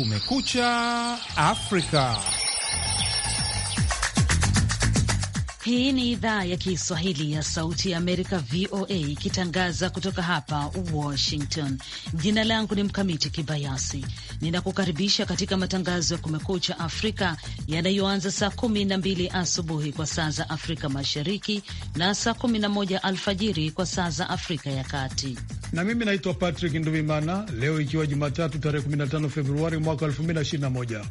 Kumekucha Afrika. Hii ni idhaa ya Kiswahili ya Sauti ya Amerika, VOA, ikitangaza kutoka hapa Washington. Jina langu ni Mkamiti Kibayasi, ninakukaribisha katika matangazo ya Kumekucha Afrika yanayoanza saa kumi na mbili asubuhi kwa saa za Afrika Mashariki na saa kumi na moja alfajiri kwa saa za Afrika ya Kati. Na mimi naitwa Patrick Nduvimana. Leo ikiwa Jumatatu tarehe 15 Februari mwaka 2021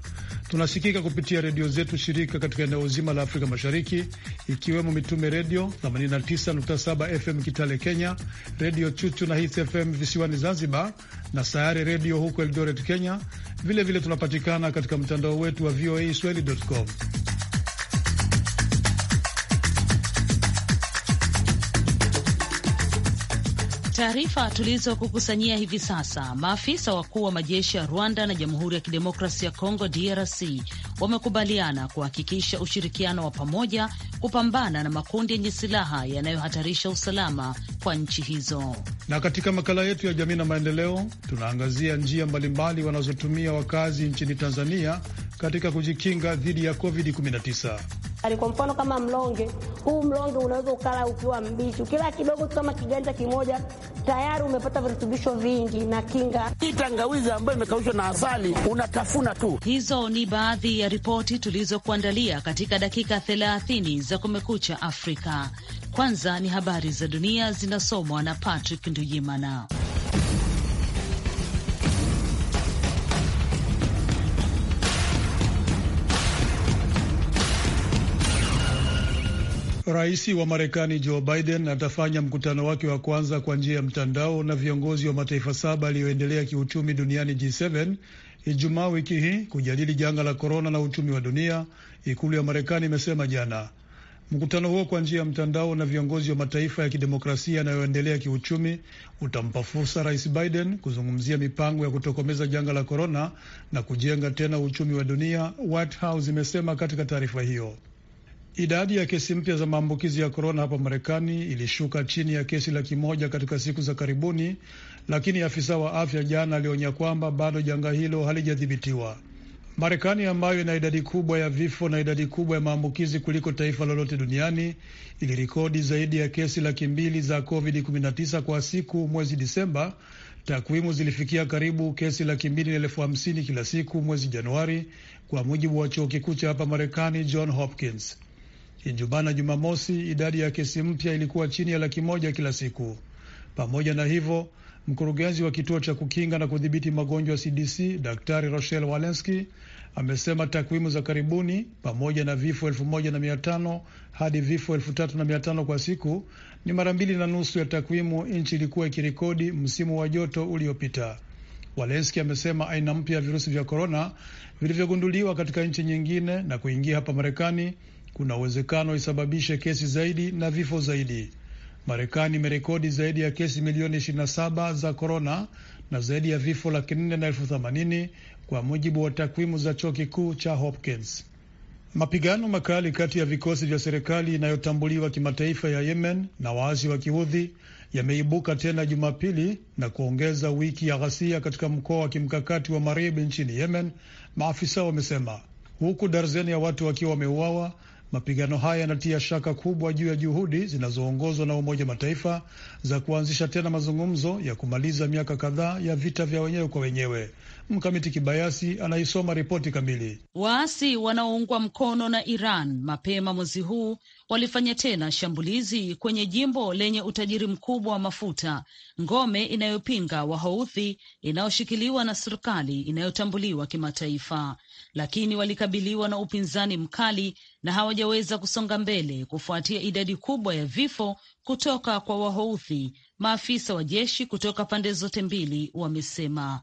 Tunasikika kupitia redio zetu shirika katika eneo zima la Afrika Mashariki, ikiwemo Mitume Redio 89.7 FM Kitale Kenya, Redio Chuchu na Hits FM visiwani Zanzibar, na Sayare Redio huko Eldoret Kenya. Vilevile vile tunapatikana katika mtandao wetu wa VOA swahili.com. taarifa tulizokukusanyia hivi sasa, maafisa wakuu wa majeshi ya Rwanda na Jamhuri ya Kidemokrasi ya Kongo DRC wamekubaliana kuhakikisha ushirikiano wa pamoja kupambana na makundi yenye silaha yanayohatarisha usalama kwa nchi hizo. Na katika makala yetu ya jamii na maendeleo, tunaangazia njia mbalimbali wanazotumia wakazi nchini Tanzania katika kujikinga dhidi ya COVID-19. Yaani kwa mfano kama mlonge huu, mlonge unaweza ukala ukiwa mbichi, ukila kidogo tu kama kiganja kimoja, tayari umepata virutubisho vingi na kinga. Hii tangawizi ambayo imekaushwa na asali unatafuna tu. Hizo ni baadhi ya ripoti tulizokuandalia katika dakika 30 za Kumekucha Afrika. Kwanza ni habari za dunia zinasomwa na Patrick Ndujimana. Rais wa Marekani Joe Biden atafanya mkutano wake wa kwanza kwa njia ya mtandao na viongozi wa mataifa saba yaliyoendelea kiuchumi duniani G7 Ijumaa wiki hii kujadili janga la korona na uchumi wa dunia, ikulu ya Marekani imesema jana. Mkutano huo kwa njia ya mtandao na viongozi wa mataifa ya kidemokrasia yanayoendelea kiuchumi utampa fursa Rais Biden kuzungumzia mipango ya kutokomeza janga la korona na kujenga tena uchumi wa dunia, White House imesema katika taarifa hiyo. Idadi ya kesi mpya za maambukizi ya korona hapa Marekani ilishuka chini ya kesi laki moja katika siku za karibuni, lakini afisa wa afya jana alionya kwamba bado janga hilo halijadhibitiwa. Marekani ambayo ina idadi kubwa ya vifo na idadi kubwa ya maambukizi kuliko taifa lolote duniani ilirekodi zaidi ya kesi laki mbili za COVID-19 kwa siku mwezi Disemba. Takwimu zilifikia karibu kesi laki mbili na elfu hamsini kila siku mwezi Januari, kwa mujibu wa chuo kikuu cha hapa Marekani John Hopkins. Jubana Jumamosi, idadi ya kesi mpya ilikuwa chini ya laki moja kila siku. Pamoja na hivyo, mkurugenzi wa kituo cha kukinga na kudhibiti magonjwa CDC, Daktari Rochelle Walensky amesema takwimu za karibuni pamoja na vifo elfu moja na mia tano hadi vifo elfu tatu na mia tano kwa siku ni mara mbili na nusu ya takwimu nchi ilikuwa ikirekodi msimu wa joto uliopita. Walenski amesema aina mpya ya virusi vya korona vilivyogunduliwa katika nchi nyingine na kuingia hapa Marekani kuna uwezekano isababishe kesi zaidi na vifo zaidi. Marekani imerekodi zaidi ya kesi milioni 27 za korona na zaidi ya vifo laki nne na elfu themanini kwa mujibu wa takwimu za chuo kikuu cha Hopkins. Mapigano makali kati ya vikosi vya serikali inayotambuliwa kimataifa ya Yemen na waasi wa Kiudhi yameibuka tena Jumapili na kuongeza wiki ya ghasia katika mkoa wa kimkakati wa Maribi nchini Yemen, maafisa wamesema, huku darzeni ya watu wakiwa wameuawa Mapigano haya yanatia shaka kubwa juu ya juhudi zinazoongozwa na Umoja Mataifa za kuanzisha tena mazungumzo ya kumaliza miaka kadhaa ya vita vya wenyewe kwa wenyewe. Mkamiti Kibayasi anaisoma ripoti kamili. Waasi wanaoungwa mkono na Iran mapema mwezi huu walifanya tena shambulizi kwenye jimbo lenye utajiri mkubwa wa mafuta, ngome inayopinga Wahouthi inayoshikiliwa na serikali inayotambuliwa kimataifa, lakini walikabiliwa na upinzani mkali na hawajaweza kusonga mbele kufuatia idadi kubwa ya vifo kutoka kwa Wahouthi, maafisa wa jeshi kutoka pande zote mbili wamesema.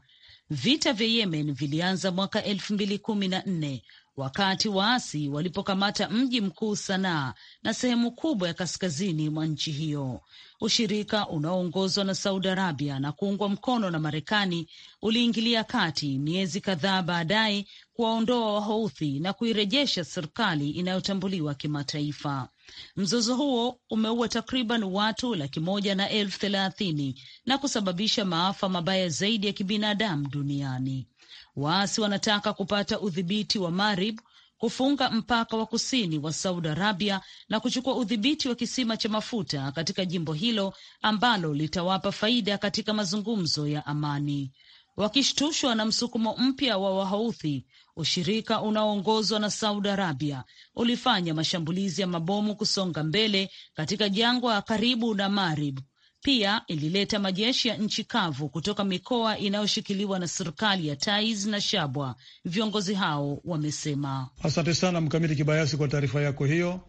Vita vya Yemen vilianza mwaka elfu mbili kumi na nne wakati waasi walipokamata mji mkuu Sanaa na sehemu kubwa ya kaskazini mwa nchi hiyo. Ushirika unaoongozwa na Saudi Arabia na kuungwa mkono na Marekani uliingilia kati miezi kadhaa baadaye kuwaondoa Wahouthi na kuirejesha serikali inayotambuliwa kimataifa. Mzozo huo umeua takriban watu laki moja na elfu thelathini na kusababisha maafa mabaya zaidi ya kibinadamu duniani. Waasi wanataka kupata udhibiti wa Marib, kufunga mpaka wa kusini wa Saudi Arabia na kuchukua udhibiti wa kisima cha mafuta katika jimbo hilo ambalo litawapa faida katika mazungumzo ya amani. Wakishtushwa na msukumo mpya wa Wahouthi ushirika unaoongozwa na Saudi Arabia ulifanya mashambulizi ya mabomu kusonga mbele katika jangwa karibu na Marib. Pia ilileta majeshi ya nchi kavu kutoka mikoa inayoshikiliwa na serikali ya Taiz na Shabwa, viongozi hao wamesema. Asante sana Mkamiti Kibayasi kwa taarifa yako hiyo.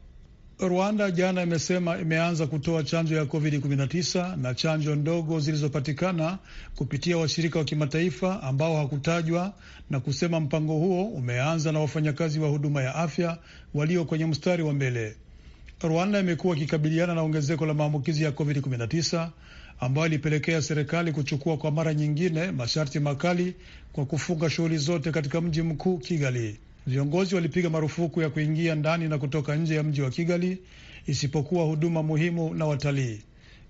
Rwanda jana imesema imeanza kutoa chanjo ya COVID-19 na chanjo ndogo zilizopatikana kupitia washirika wa kimataifa ambao hakutajwa na kusema mpango huo umeanza na wafanyakazi wa huduma ya afya walio kwenye mstari wa mbele. Rwanda imekuwa ikikabiliana na ongezeko la maambukizi ya COVID-19 ambayo ilipelekea serikali kuchukua kwa mara nyingine masharti makali kwa kufunga shughuli zote katika mji mkuu Kigali. Viongozi walipiga marufuku ya kuingia ndani na kutoka nje ya mji wa Kigali isipokuwa huduma muhimu na watalii.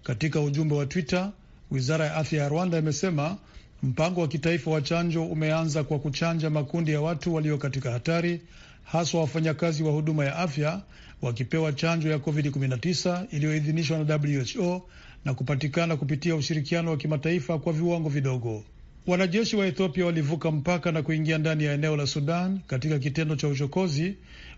Katika ujumbe wa Twitter, wizara ya afya ya Rwanda imesema mpango wa kitaifa wa chanjo umeanza kwa kuchanja makundi ya watu walio katika hatari, haswa wafanyakazi wa huduma ya afya wakipewa chanjo ya COVID-19 iliyoidhinishwa na WHO na kupatikana kupitia ushirikiano wa kimataifa kwa viwango vidogo. Wanajeshi wa Ethiopia walivuka mpaka na kuingia ndani ya eneo la Sudan katika kitendo cha uchokozi,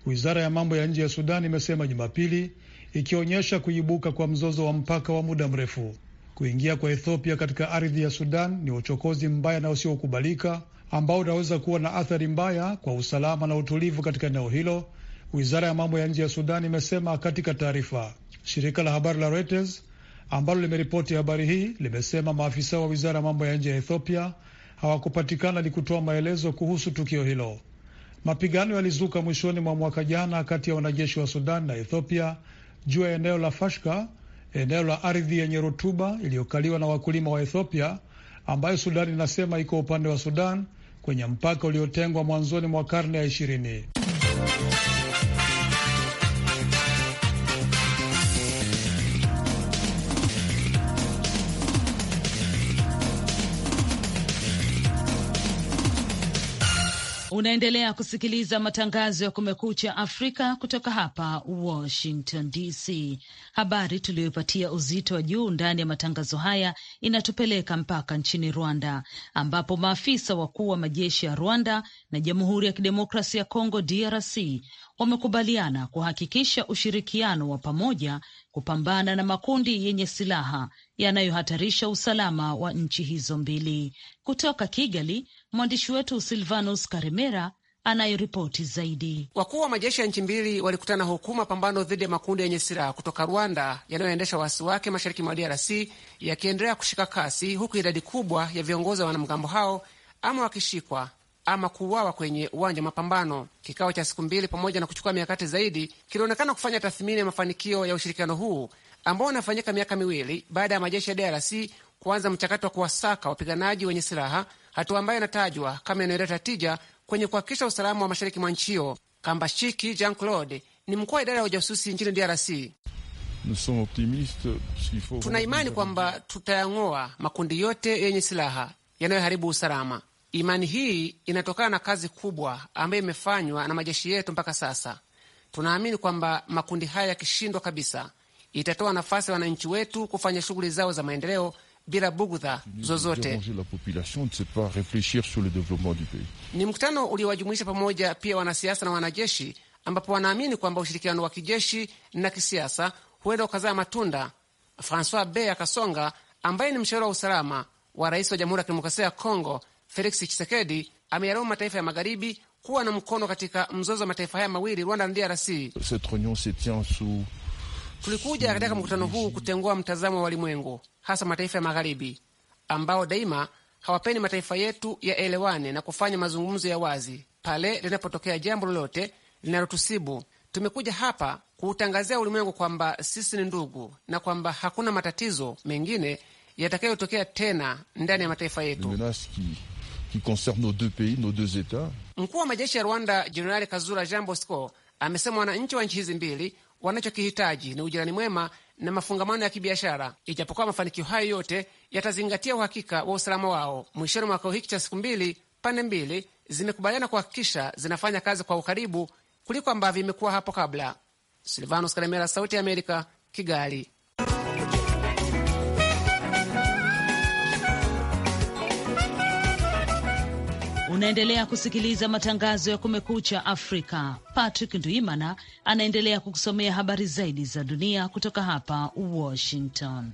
wizara ya mambo ya nje ya Sudan imesema Jumapili, ikionyesha kuibuka kwa mzozo wa mpaka wa muda mrefu. Kuingia kwa Ethiopia katika ardhi ya Sudan ni uchokozi mbaya na usiokubalika ambao unaweza kuwa na athari mbaya kwa usalama na utulivu katika eneo hilo, wizara ya mambo ya nje ya Sudan imesema katika taarifa. Shirika la habari la Reuters ambalo limeripoti habari hii limesema maafisa wa wizara ya mambo ya nje ya Ethiopia hawakupatikana ni kutoa maelezo kuhusu tukio hilo. Mapigano yalizuka mwishoni mwa mwaka jana kati ya wanajeshi wa Sudan na Ethiopia juu ya eneo la Fashka, eneo la ardhi yenye rutuba iliyokaliwa na wakulima wa Ethiopia ambayo Sudan inasema iko upande wa Sudan kwenye mpaka uliotengwa mwanzoni mwa karne ya ishirini. Unaendelea kusikiliza matangazo ya Kumekucha Afrika kutoka hapa Washington DC. Habari tuliyoipatia uzito wa juu ndani ya matangazo haya inatupeleka mpaka nchini Rwanda, ambapo maafisa wakuu wa majeshi ya Rwanda na Jamhuri ya Kidemokrasia ya Kongo DRC wamekubaliana kuhakikisha ushirikiano wa pamoja kupambana na makundi yenye silaha yanayohatarisha usalama wa nchi hizo mbili. Kutoka Kigali, mwandishi wetu Silvanus Karimera anayeripoti zaidi. Wakuu wa majeshi ya nchi mbili walikutana huku mapambano dhidi ya makundi yenye silaha kutoka Rwanda yanayoendesha waasi wake mashariki mwa DRC yakiendelea kushika kasi, huku idadi kubwa ya viongozi wa wanamgambo hao ama wakishikwa ama kuuawa kwenye uwanja wa mapambano. Kikao cha siku mbili, pamoja na kuchukua mikakati zaidi, kilionekana kufanya tathmini ya mafanikio ya ushirikiano huu ambao unafanyika miaka miwili baada ya majeshi ya DRC kuanza mchakato wa kuwasaka wapiganaji wenye silaha, hatua ambayo inatajwa kama inayoleta tija kwenye kuhakikisha usalama wa mashariki mwa nchi hiyo. Kambashiki Jean Claude ni mkuu wa idara ya ujasusi nchini DRC. Tuna imani kwamba tutayang'oa makundi yote yenye silaha yanayoharibu usalama Imani hii inatokana na kazi kubwa ambayo imefanywa na majeshi yetu mpaka sasa. Tunaamini kwamba makundi haya yakishindwa kabisa, itatoa nafasi ya wananchi wetu kufanya shughuli zao za maendeleo bila bugudha zozote. Ni mkutano uliowajumuisha pamoja pia wanasiasa na wanajeshi, ambapo wanaamini kwamba ushirikiano wa kijeshi na kisiasa huenda ukazaa matunda. Francois Bea Kasonga ambaye ni mshauri wa usalama wa rais wa Jamhuri ya Kidemokrasia ya Kongo Felix chisekedi ameyalaumu mataifa ya magharibi kuwa na mkono katika mzozo wa mataifa haya mawili, Rwanda na DRC. Tulikuja katika mkutano huu kutengua mtazamo wa walimwengu, hasa mataifa ya magharibi ambao daima hawapendi mataifa yetu yaelewane na kufanya mazungumzo ya wazi pale linapotokea jambo lolote linalotusibu. Tumekuja hapa kuutangazia ulimwengu kwamba sisi ni ndugu na kwamba hakuna matatizo mengine yatakayotokea tena ndani ya mataifa yetu qui concerne nos deux pays, nos deux États. Mkuu wa majeshi ya Rwanda Jenerali Kazura Jean Bosco amesema wananchi wa nchi hizi mbili wanachokihitaji ni ujirani mwema na mafungamano ya kibiashara, ijapokuwa mafanikio hayo yote yatazingatia uhakika wa usalama wao. Mwishoni mwa kikao hiki cha siku mbili, pande mbili zimekubaliana kuhakikisha zinafanya kazi kwa ukaribu kuliko ambavyo imekuwa hapo kabla. Silvanos Karemera, Sauti ya Amerika, Kigali. Unaendelea kusikiliza matangazo ya Kumekucha Afrika. Patrick nduimana anaendelea kukusomea habari zaidi za dunia kutoka hapa Washington.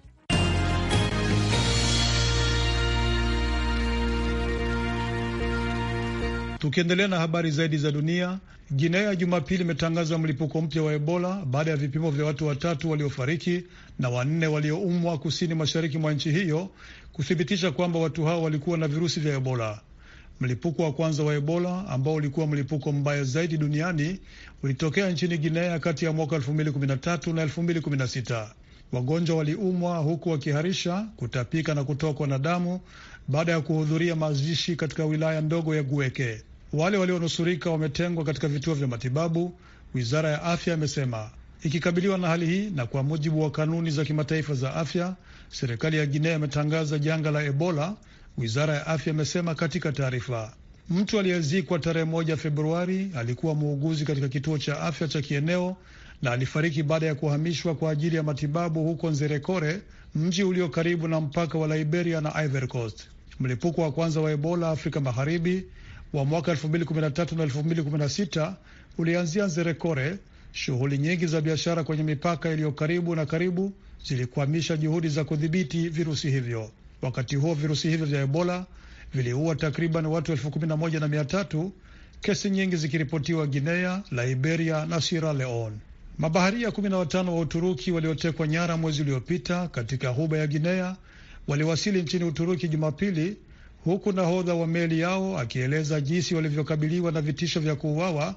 Tukiendelea na habari zaidi za dunia, Guinea Jumapili imetangaza mlipuko mpya wa Ebola baada ya vipimo vya watu watatu waliofariki na wanne walioumwa kusini mashariki mwa nchi hiyo kuthibitisha kwamba watu hao walikuwa na virusi vya Ebola. Mlipuko wa kwanza wa Ebola ambao ulikuwa mlipuko mbaya zaidi duniani ulitokea nchini Guinea kati ya mwaka 2013 na 2016. Wagonjwa waliumwa huku wakiharisha, kutapika na kutokwa na damu baada ya kuhudhuria mazishi katika wilaya ndogo ya Gueke. Wale walionusurika wametengwa katika vituo vya matibabu, wizara ya afya imesema. Ikikabiliwa na hali hii na kwa mujibu wa kanuni za kimataifa za afya, serikali ya Guinea imetangaza janga la Ebola wizara ya afya imesema katika taarifa. Mtu aliyezikwa tarehe moja Februari alikuwa muuguzi katika kituo cha afya cha kieneo na alifariki baada ya kuhamishwa kwa ajili ya matibabu huko Nzerekore, mji ulio karibu na mpaka wa Liberia na Ivory Coast. Mlipuko wa kwanza wa Ebola Afrika Magharibi wa mwaka 2013 na 2016 ulianzia Nzerekore. Shughuli nyingi za biashara kwenye mipaka iliyo karibu na karibu zilikwamisha juhudi za kudhibiti virusi hivyo. Wakati huo virusi hivyo vya Ebola viliua takriban watu elfu kumi na moja na mia tatu, kesi nyingi zikiripotiwa Guinea, Liberia na Sierra Leone. Mabaharia kumi na watano wa Uturuki waliotekwa nyara mwezi uliopita katika ghuba ya Guinea waliwasili nchini Uturuki Jumapili, huku nahodha wa meli yao akieleza jinsi walivyokabiliwa na vitisho vya kuuawa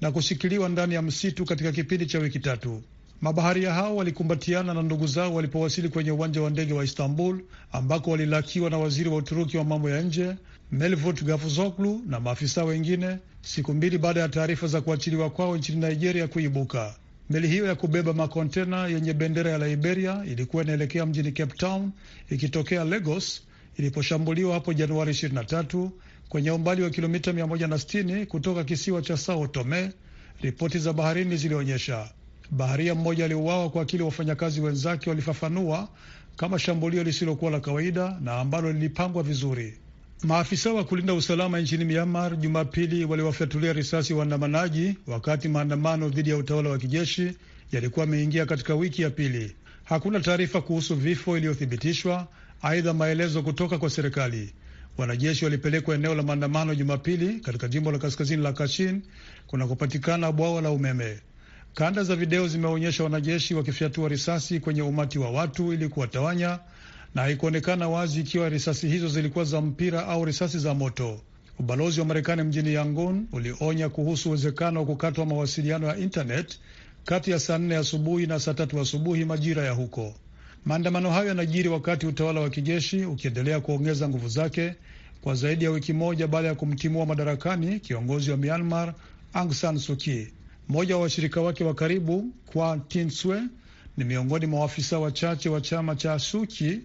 na kushikiliwa ndani ya msitu katika kipindi cha wiki tatu. Mabaharia hao walikumbatiana na ndugu zao walipowasili kwenye uwanja wa ndege wa Istanbul ambako walilakiwa na waziri wa Uturuki wa mambo ya nje Melvut Gavuzoglu na maafisa wengine siku mbili baada ya taarifa za kuachiliwa kwao nchini Nigeria kuibuka. Meli hiyo ya kubeba makontena yenye bendera ya Liberia ilikuwa inaelekea mjini Cape Town ikitokea Lagos iliposhambuliwa hapo Januari 23 kwenye umbali wa kilomita 160 kutoka kisiwa cha Sao Tome, ripoti za baharini zilionyesha. Baharia mmoja aliuawa kwa kile wafanyakazi wenzake walifafanua kama shambulio lisilokuwa la kawaida na ambalo lilipangwa vizuri. Maafisa wa kulinda usalama nchini Myanmar Jumapili waliwafyatulia risasi waandamanaji wakati maandamano dhidi ya utawala wa kijeshi yalikuwa yameingia katika wiki ya pili. Hakuna taarifa kuhusu vifo iliyothibitishwa, aidha maelezo kutoka kwa serikali. Wanajeshi walipelekwa eneo la maandamano Jumapili katika jimbo la kaskazini la Kachin kunakopatikana bwawa la umeme. Kanda za video zimeonyesha wanajeshi wakifyatua risasi kwenye umati wa watu ili kuwatawanya, na haikuonekana wazi ikiwa risasi hizo zilikuwa za mpira au risasi za moto. Ubalozi wa Marekani mjini Yangon ulionya kuhusu uwezekano wa kukatwa mawasiliano ya intanet kati ya saa nne asubuhi na saa tatu asubuhi majira ya huko. Maandamano hayo yanajiri wakati utawala wa kijeshi ukiendelea kuongeza nguvu zake kwa zaidi ya wiki moja baada ya kumtimua madarakani kiongozi wa Myanmar Aung San Suu Kyi. Mmoja wa washirika wake wa karibu Kwa Tinswe ni miongoni mwa waafisa wachache wa chama cha Suchi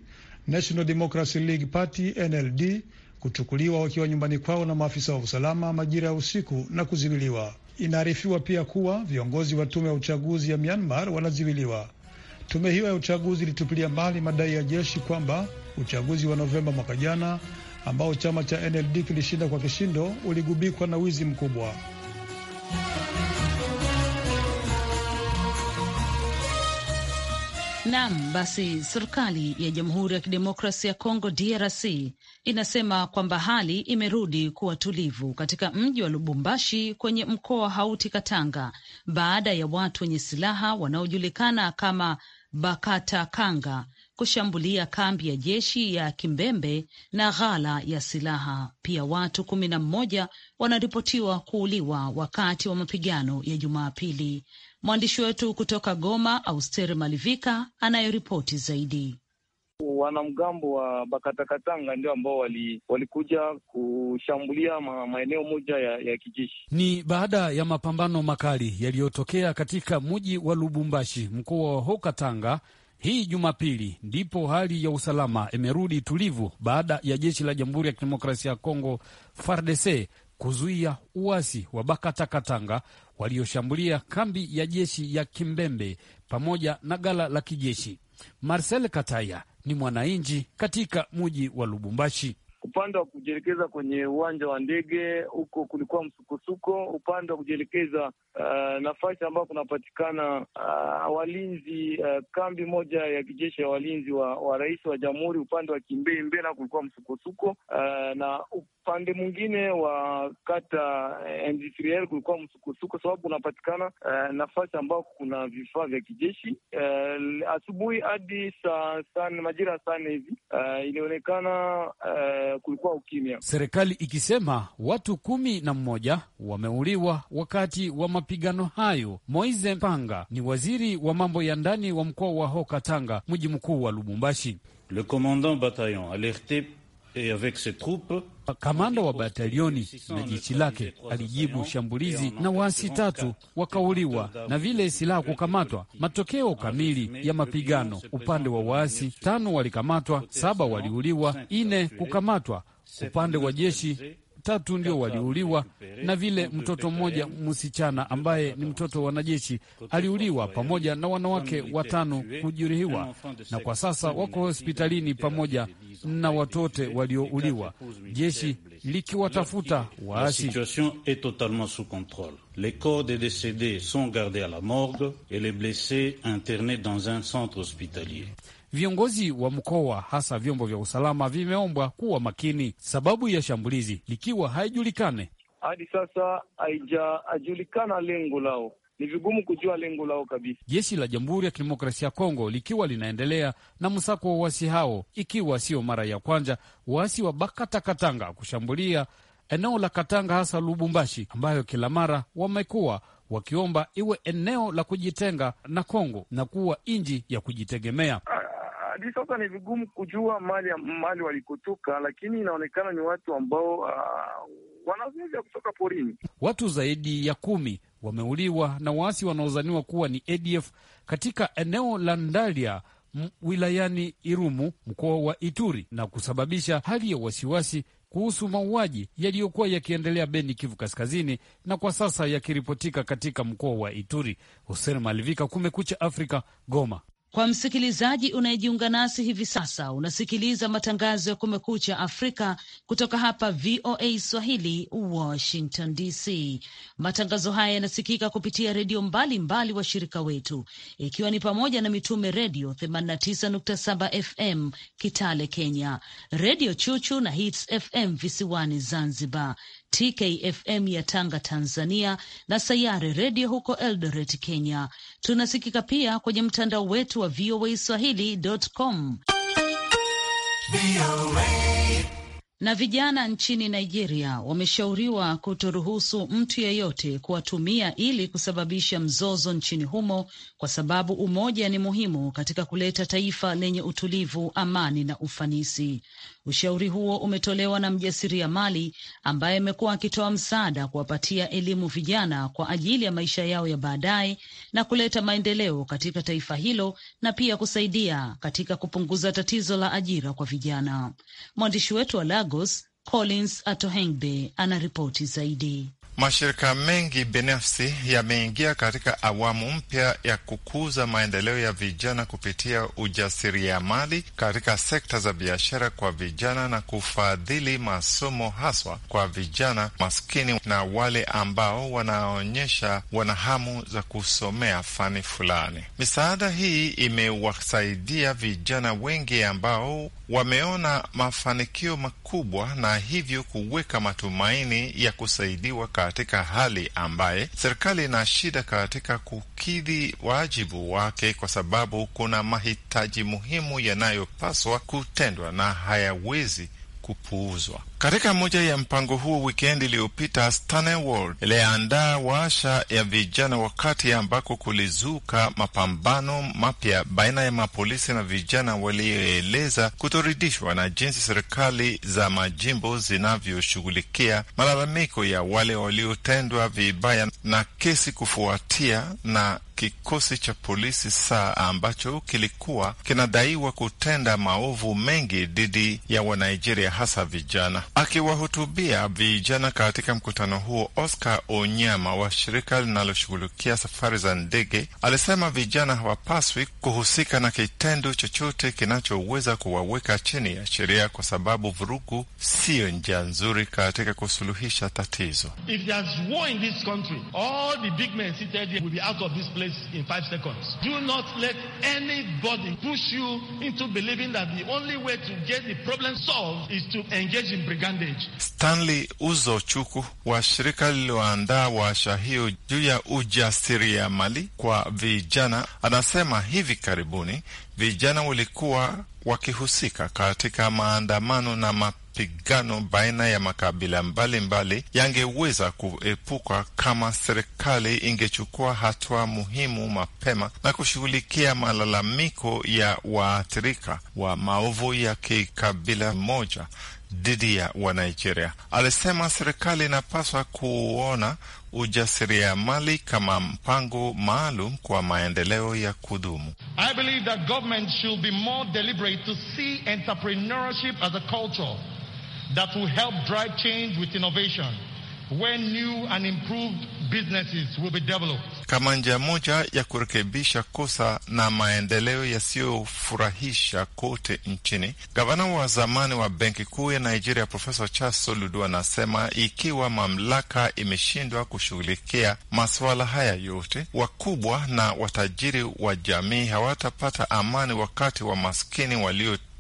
National Democracy League Party NLD kuchukuliwa wakiwa nyumbani kwao na maafisa wa usalama majira ya usiku na kuziwiliwa. Inaarifiwa pia kuwa viongozi wa tume ya uchaguzi ya Myanmar wanaziwiliwa. Tume hiyo ya uchaguzi ilitupilia mbali madai ya jeshi kwamba uchaguzi wa Novemba mwaka jana ambao chama cha NLD kilishinda kwa kishindo uligubikwa na wizi mkubwa. Naam, basi serikali ya Jamhuri ya Kidemokrasia ya Kongo DRC inasema kwamba hali imerudi kuwa tulivu katika mji wa Lubumbashi kwenye mkoa wa Hauti Katanga baada ya watu wenye silaha wanaojulikana kama Bakatakanga kushambulia kambi ya jeshi ya Kimbembe na ghala ya silaha. Pia watu kumi na mmoja wanaripotiwa kuuliwa wakati wa mapigano ya Jumapili. Mwandishi wetu kutoka Goma, Austeri Malivika, anayeripoti zaidi. Wanamgambo wa Bakatakatanga ndio ambao walikuja wali kushambulia ma, maeneo moja ya, ya kijeshi. Ni baada ya mapambano makali yaliyotokea katika mji wa Lubumbashi, mkoa wa Haut-Katanga hii Jumapili, ndipo hali ya usalama imerudi tulivu baada ya jeshi la Jamhuri ya Kidemokrasia ya Kongo FARDC kuzuia uasi wa Bakatakatanga walioshambulia kambi ya jeshi ya Kimbembe pamoja na gala la kijeshi. Marcel Kataya ni mwananchi katika muji wa Lubumbashi upande wa kujielekeza kwenye uwanja wa ndege huko kulikuwa msukosuko. Upande wa kujielekeza uh, nafasi ambayo kunapatikana uh, walinzi uh, kambi moja ya kijeshi ya walinzi wa, wa rais wa jamhuri, upande wa Kimbei Mbena kulikuwa msukosuko uh, na upande mwingine wa kata industriel uh, kulikuwa msukosuko, sababu kunapatikana uh, nafasi ambayo kuna vifaa vya kijeshi uh, asubuhi hadi saa majira ya saa nne hivi uh, ilionekana uh, kulikuwa ukimya, serikali ikisema watu kumi na mmoja wameuliwa wakati wa mapigano hayo. Moise Mpanga ni waziri wa mambo ya ndani wa mkoa wa Haut-Katanga, mji mkuu wa Lubumbashi. Le commandant bataillon alerte E kamanda wa batalioni na jeshi lake alijibu shambulizi na waasi tatu wakauliwa na vile silaha kukamatwa. Matokeo kamili ya mapigano, upande wa waasi tano walikamatwa, saba waliuliwa, ine kukamatwa, upande wa jeshi watatu ndio waliuliwa na vile mtoto mmoja msichana ambaye ni mtoto wa wanajeshi aliuliwa pamoja na wanawake watano kujeruhiwa, na kwa sasa wako hospitalini pamoja na watote waliouliwa, jeshi likiwatafuta waasi. Les corps des décédés sont gardés à la morgue et les blessés internés dans un centre hospitalier. Viongozi wa mkoa, hasa vyombo vya usalama, vimeombwa kuwa makini, sababu ya shambulizi likiwa haijulikane hadi sasa. Haijajulikana lengo lao, ni vigumu kujua lengo lao kabisa. Jeshi la Jamhuri ya Kidemokrasia ya Kongo likiwa linaendelea na msako wa waasi hao, ikiwa sio mara ya kwanza waasi wa Bakatakatanga kushambulia eneo la Katanga, hasa Lubumbashi, ambayo kila mara wamekuwa wakiomba iwe eneo la kujitenga na Kongo na kuwa nchi ya kujitegemea hadi sasa ni vigumu kujua mali mali walikotoka, lakini inaonekana ni watu ambao uh, ah, wanazuia kutoka porini. Watu zaidi ya kumi wameuliwa na waasi wanaozaniwa kuwa ni ADF katika eneo la Ndalia wilayani Irumu mkoa wa Ituri na kusababisha hali ya wasiwasi kuhusu mauaji yaliyokuwa yakiendelea Beni, Kivu Kaskazini, na kwa sasa yakiripotika katika mkoa wa Ituri. Hussein Malivika, Kumekucha Afrika, Goma. Kwa msikilizaji unayejiunga nasi hivi sasa, unasikiliza matangazo ya Kumekucha Afrika kutoka hapa VOA Swahili, Washington DC. Matangazo haya yanasikika kupitia redio mbalimbali wa shirika wetu, ikiwa ni pamoja na Mitume Redio 89.7 FM Kitale Kenya, Redio Chuchu na Hits FM visiwani Zanzibar, TKFM ya Tanga, Tanzania, na Sayare Redio huko Eldoret, Kenya. Tunasikika pia kwenye mtandao wetu wa VOA Swahili.com na vijana nchini Nigeria wameshauriwa kutoruhusu mtu yeyote kuwatumia ili kusababisha mzozo nchini humo, kwa sababu umoja ni muhimu katika kuleta taifa lenye utulivu, amani na ufanisi. Ushauri huo umetolewa na mjasiriamali ambaye amekuwa akitoa msaada kuwapatia elimu vijana kwa ajili ya maisha yao ya baadaye na kuleta maendeleo katika taifa hilo na pia kusaidia katika kupunguza tatizo la ajira kwa vijana. Mwandishi wetu wa Lagos, Collins Atohengbe anaripoti zaidi. Mashirika mengi binafsi yameingia katika awamu mpya ya kukuza maendeleo ya vijana kupitia ujasiriamali katika sekta za biashara kwa vijana na kufadhili masomo haswa kwa vijana maskini na wale ambao wanaonyesha wana hamu za kusomea fani fulani. Misaada hii imewasaidia vijana wengi ambao wameona mafanikio makubwa na hivyo kuweka matumaini ya kusaidiwa katika hali ambaye serikali ina shida katika kukidhi wajibu wake, kwa sababu kuna mahitaji muhimu yanayopaswa kutendwa na hayawezi kupuuzwa. Katika moja ya mpango huo, wikendi iliyopita, Stanewald iliandaa waasha ya vijana, wakati ambako kulizuka mapambano mapya baina ya mapolisi na vijana walioeleza kutoridhishwa na jinsi serikali za majimbo zinavyoshughulikia malalamiko ya wale waliotendwa vibaya na kesi kufuatia na kikosi cha polisi saa ambacho kilikuwa kinadaiwa kutenda maovu mengi dhidi ya Wanigeria, hasa vijana. Akiwahutubia vijana katika mkutano huo, Oscar Onyama wa shirika linaloshughulikia safari za ndege alisema vijana hawapaswi kuhusika na kitendo chochote kinachoweza kuwaweka chini ya sheria, kwa sababu vurugu siyo njia nzuri katika kusuluhisha tatizo. If place in five seconds. Do not let anybody push you into believing that the only way to get the problem solved is to engage in brigandage. Stanley Uzochukwu wa shirika lililoandaa warsha hiyo juu ya ujasiriamali kwa vijana anasema hivi karibuni vijana walikuwa wakihusika katika maandamano na map mapigano baina ya makabila mbalimbali yangeweza kuepuka kama serikali ingechukua hatua muhimu mapema na kushughulikia malalamiko ya waathirika wa maovu ya kikabila moja dhidi ya Wanigeria. Alisema serikali inapaswa kuona ujasiriamali kama mpango maalum kwa maendeleo ya kudumu. I believe that government should be more deliberate to see entrepreneurship as a culture that will help drive change with innovation when new and improved businesses will be developed. Kama njia moja ya kurekebisha kosa na maendeleo yasiyofurahisha kote nchini, gavana wa zamani wa benki kuu ya Nigeria Profesa Charles Soludo anasema ikiwa mamlaka imeshindwa kushughulikia masuala haya yote, wakubwa na watajiri wa jamii hawatapata amani, wakati wa maskini walio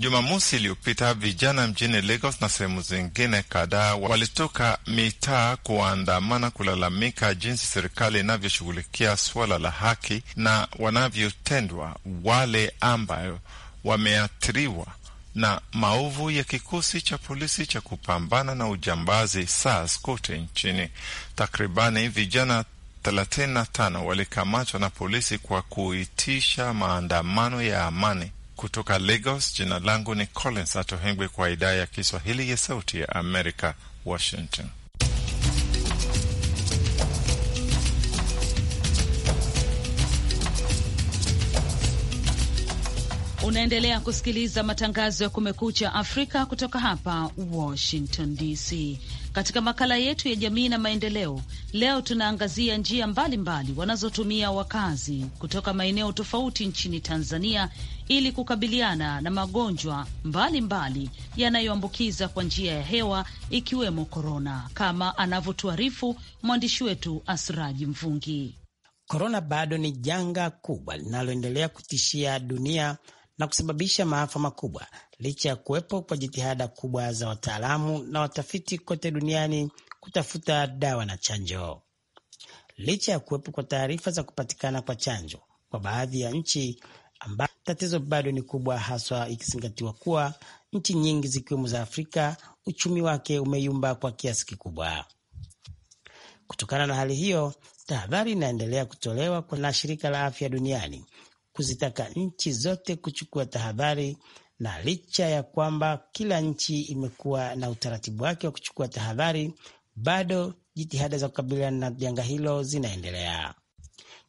Jumamosi iliyopita vijana mjini Lagos na sehemu zingine kadhaa walitoka mitaa kuandamana kulalamika jinsi serikali inavyoshughulikia suala la haki na wanavyotendwa wale ambayo wameathiriwa na maovu ya kikosi cha polisi cha kupambana na ujambazi SARS kote nchini. Takribani vijana 35 walikamatwa na polisi kwa kuitisha maandamano ya amani kutoka Lagos. Jina langu ni Collins Atohengwi kwa idhaa ya Kiswahili ya Sauti ya Amerika, Washington. Unaendelea kusikiliza matangazo ya Kumekucha Afrika kutoka hapa Washington DC. Katika makala yetu ya jamii na maendeleo leo, tunaangazia njia mbalimbali wanazotumia wakazi kutoka maeneo tofauti nchini Tanzania ili kukabiliana na magonjwa mbalimbali yanayoambukiza kwa njia ya hewa ikiwemo korona, kama anavyotuarifu mwandishi wetu Asraji Mvungi. Korona bado ni janga kubwa linaloendelea kutishia dunia na kusababisha maafa makubwa licha ya kuwepo kwa jitihada kubwa za wataalamu na watafiti kote duniani kutafuta dawa na chanjo. Licha ya kuwepo kwa taarifa za kupatikana kwa chanjo kwa baadhi ya nchi, ambapo tatizo bado ni kubwa, haswa ikizingatiwa kuwa nchi nyingi zikiwemo za Afrika uchumi wake umeyumba kwa kiasi kikubwa. Kutokana na hali hiyo, tahadhari inaendelea kutolewa na Shirika la Afya Duniani kuzitaka nchi zote kuchukua tahadhari, na licha ya kwamba kila nchi imekuwa na utaratibu wake wa kuchukua tahadhari, bado jitihada za kukabiliana na janga hilo zinaendelea.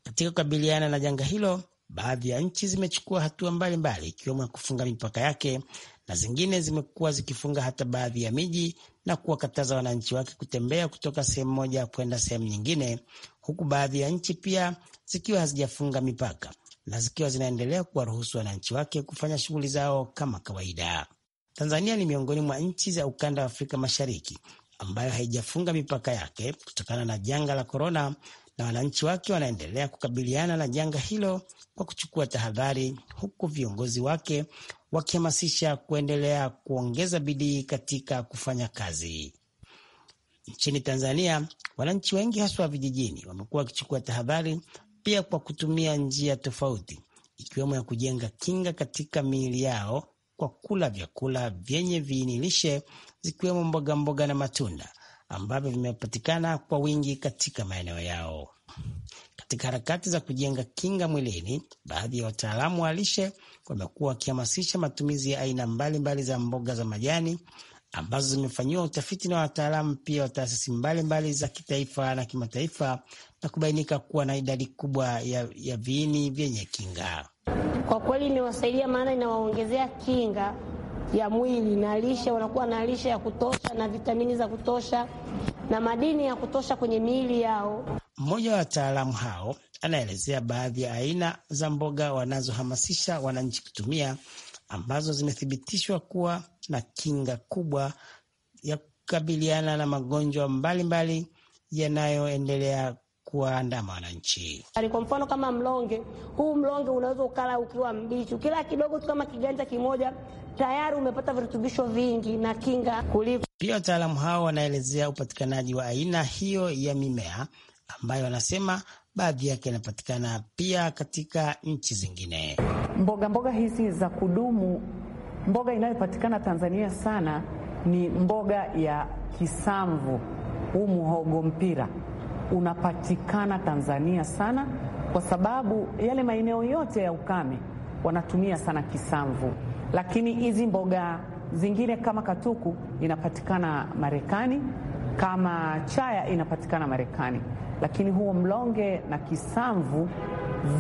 Katika kukabiliana na janga hilo, baadhi ya nchi zimechukua hatua mbalimbali, ikiwemo ya kufunga mipaka yake na zingine zimekuwa zikifunga hata baadhi ya miji na kuwakataza wananchi wake kutembea kutoka sehemu moja kwenda sehemu nyingine, huku baadhi ya nchi pia zikiwa hazijafunga mipaka na zikiwa zinaendelea kuwaruhusu wananchi wake kufanya shughuli zao kama kawaida. Tanzania ni miongoni mwa nchi za ukanda wa Afrika Mashariki ambayo haijafunga mipaka yake kutokana na janga la korona, na wananchi wake wanaendelea kukabiliana na janga hilo kwa kuchukua tahadhari, huku viongozi wake wakihamasisha kuendelea kuongeza bidii katika kufanya kazi. Nchini Tanzania, wananchi wengi haswa vijijini wamekuwa wakichukua tahadhari pia kwa kutumia njia tofauti ikiwemo ya kujenga kinga katika miili yao kwa kula vyakula vyenye viini lishe zikiwemo mboga mboga na matunda ambavyo vimepatikana kwa wingi katika maeneo yao. Katika harakati za kujenga kinga mwilini, baadhi ya wataalamu wa lishe wamekuwa wakihamasisha matumizi ya aina mbalimbali mbali za mboga za majani ambazo zimefanyiwa utafiti na wataalamu pia wa taasisi mbalimbali za kitaifa na kimataifa na kubainika kuwa na idadi kubwa ya, ya viini vyenye kinga. Kwa kweli imewasaidia, maana inawaongezea kinga ya mwili na lishe, wanakuwa na lishe ya kutosha na vitamini za kutosha na madini ya kutosha kwenye miili yao. Mmoja wa wataalamu hao anaelezea baadhi ya aina za mboga wanazohamasisha wananchi kutumia ambazo zimethibitishwa kuwa na kinga kubwa ya kukabiliana na magonjwa mbalimbali yanayoendelea kuwaandama wananchi. Kwa mfano kama mlonge, huu mlonge unaweza ukala ukiwa mbichi, ukila kidogo tu kama kiganja kimoja, tayari umepata virutubisho vingi na kinga kuliko. Pia wataalamu hao wanaelezea upatikanaji wa aina hiyo ya mimea ambayo wanasema baadhi yake yanapatikana pia katika nchi zingine. Mboga mboga hizi za kudumu, mboga inayopatikana Tanzania sana ni mboga ya kisamvu. Huu muhogo mpira unapatikana Tanzania sana kwa sababu yale maeneo yote ya ukame wanatumia sana kisamvu, lakini hizi mboga zingine kama katuku inapatikana Marekani kama chaya inapatikana Marekani, lakini huo mlonge na kisamvu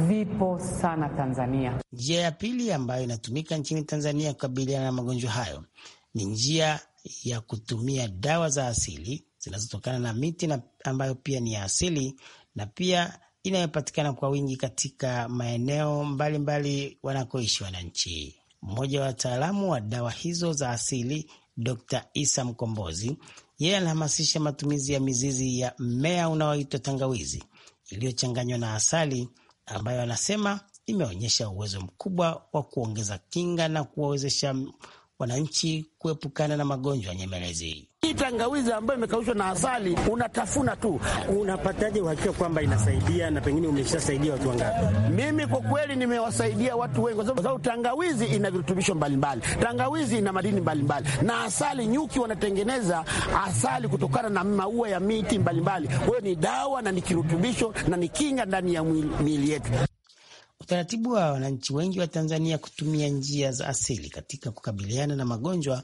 vipo sana Tanzania. Njia ya pili ambayo inatumika nchini Tanzania kukabiliana na magonjwa hayo ni njia ya kutumia dawa za asili zinazotokana na miti na ambayo pia ni ya asili na pia inayopatikana kwa wingi katika maeneo mbalimbali wanakoishi wananchi. Mmoja wa wataalamu wa dawa hizo za asili Dr. Isa Mkombozi yeye anahamasisha matumizi ya mizizi ya mmea unaoitwa tangawizi iliyochanganywa na asali, ambayo anasema imeonyesha uwezo mkubwa wa kuongeza kinga na kuwawezesha wananchi kuepukana na magonjwa nyemelezi. Hii tangawizi ambayo imekaushwa na asali unatafuna tu. Unapataje uhakika kwamba inasaidia na pengine umeshasaidia watu wangapi? Mimi kwa kweli nimewasaidia watu wengi, kwa sababu tangawizi ina virutubisho mbalimbali, tangawizi ina madini mbalimbali mbali. Na asali nyuki wanatengeneza asali kutokana na maua ya miti mbalimbali. Kwa hiyo ni dawa na ni kirutubisho na ni kinga ndani ya miili yetu. Utaratibu wa wananchi wengi wa Tanzania kutumia njia za asili katika kukabiliana na magonjwa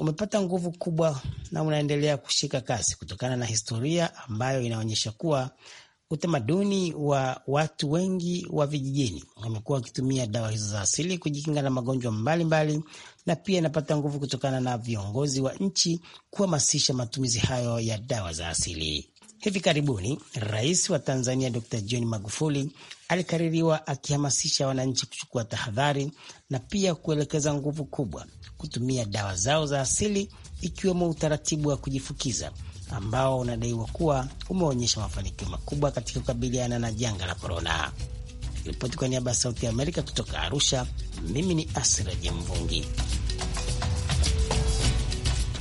umepata nguvu kubwa na unaendelea kushika kasi kutokana na historia ambayo inaonyesha kuwa utamaduni wa watu wengi wa vijijini wamekuwa wakitumia dawa hizo za asili kujikinga na magonjwa mbalimbali, na pia inapata nguvu kutokana na viongozi wa nchi kuhamasisha matumizi hayo ya dawa za asili. Hivi karibuni rais wa Tanzania Dr John Magufuli alikaririwa akihamasisha wananchi kuchukua tahadhari na pia kuelekeza nguvu kubwa kutumia dawa zao za asili ikiwemo utaratibu wa kujifukiza ambao unadaiwa kuwa umeonyesha mafanikio makubwa katika kukabiliana na janga la korona. Ripoti kwa niaba ya Sauti ya Amerika kutoka Arusha, mimi ni Asra Jemvungi.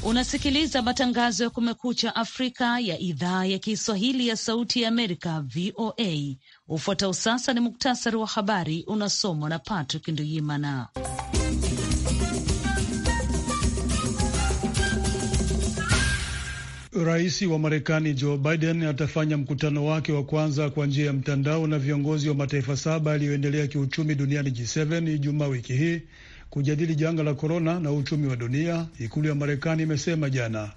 Unasikiliza matangazo ya Kumekucha Afrika ya idhaa ya Kiswahili ya Sauti ya Amerika, VOA. Ufuatao sasa ni muktasari wa habari unasomwa na Patrick Nduyimana. Rais wa Marekani Joe Biden atafanya mkutano wake wa kwanza kwa njia ya mtandao na viongozi wa mataifa saba yaliyoendelea kiuchumi duniani G7 Ijumaa wiki hii kujadili janga la korona na uchumi wa dunia, ikulu ya Marekani imesema jana.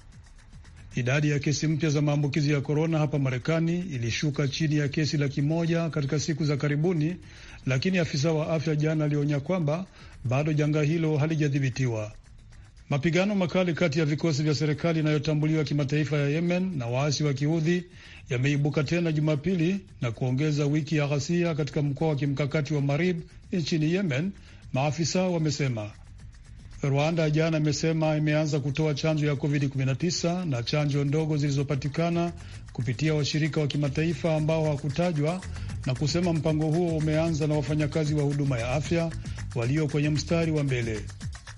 Idadi ya kesi mpya za maambukizi ya korona hapa Marekani ilishuka chini ya kesi laki moja katika siku za karibuni, lakini afisa wa afya jana alionya kwamba bado janga hilo halijadhibitiwa. Mapigano makali kati ya vikosi vya serikali inayotambuliwa kimataifa ya Yemen na waasi wa Kiudhi yameibuka tena Jumapili na kuongeza wiki ya ghasia katika mkoa wa kimkakati wa Marib nchini Yemen maafisa wamesema. Rwanda jana imesema imeanza kutoa chanjo ya COVID-19 na chanjo ndogo zilizopatikana kupitia washirika wa kimataifa ambao hawakutajwa na kusema mpango huo umeanza na wafanyakazi wa huduma ya afya walio kwenye mstari wa mbele.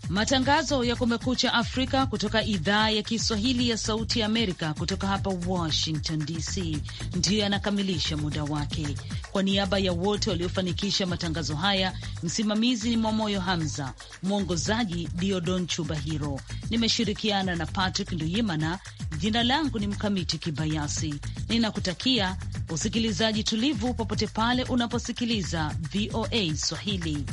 Matangazo ya Kumekucha Afrika kutoka idhaa ya Kiswahili ya Sauti ya Amerika kutoka hapa Washington DC ndiyo yanakamilisha muda wake. Kwa niaba ya wote waliofanikisha matangazo haya, msimamizi ni Mwamoyo Hamza, mwongozaji Diodon Chubahiro, nimeshirikiana na Patrick Nduyimana. Jina langu ni Mkamiti Kibayasi, ninakutakia usikilizaji tulivu popote pale unaposikiliza VOA Swahili.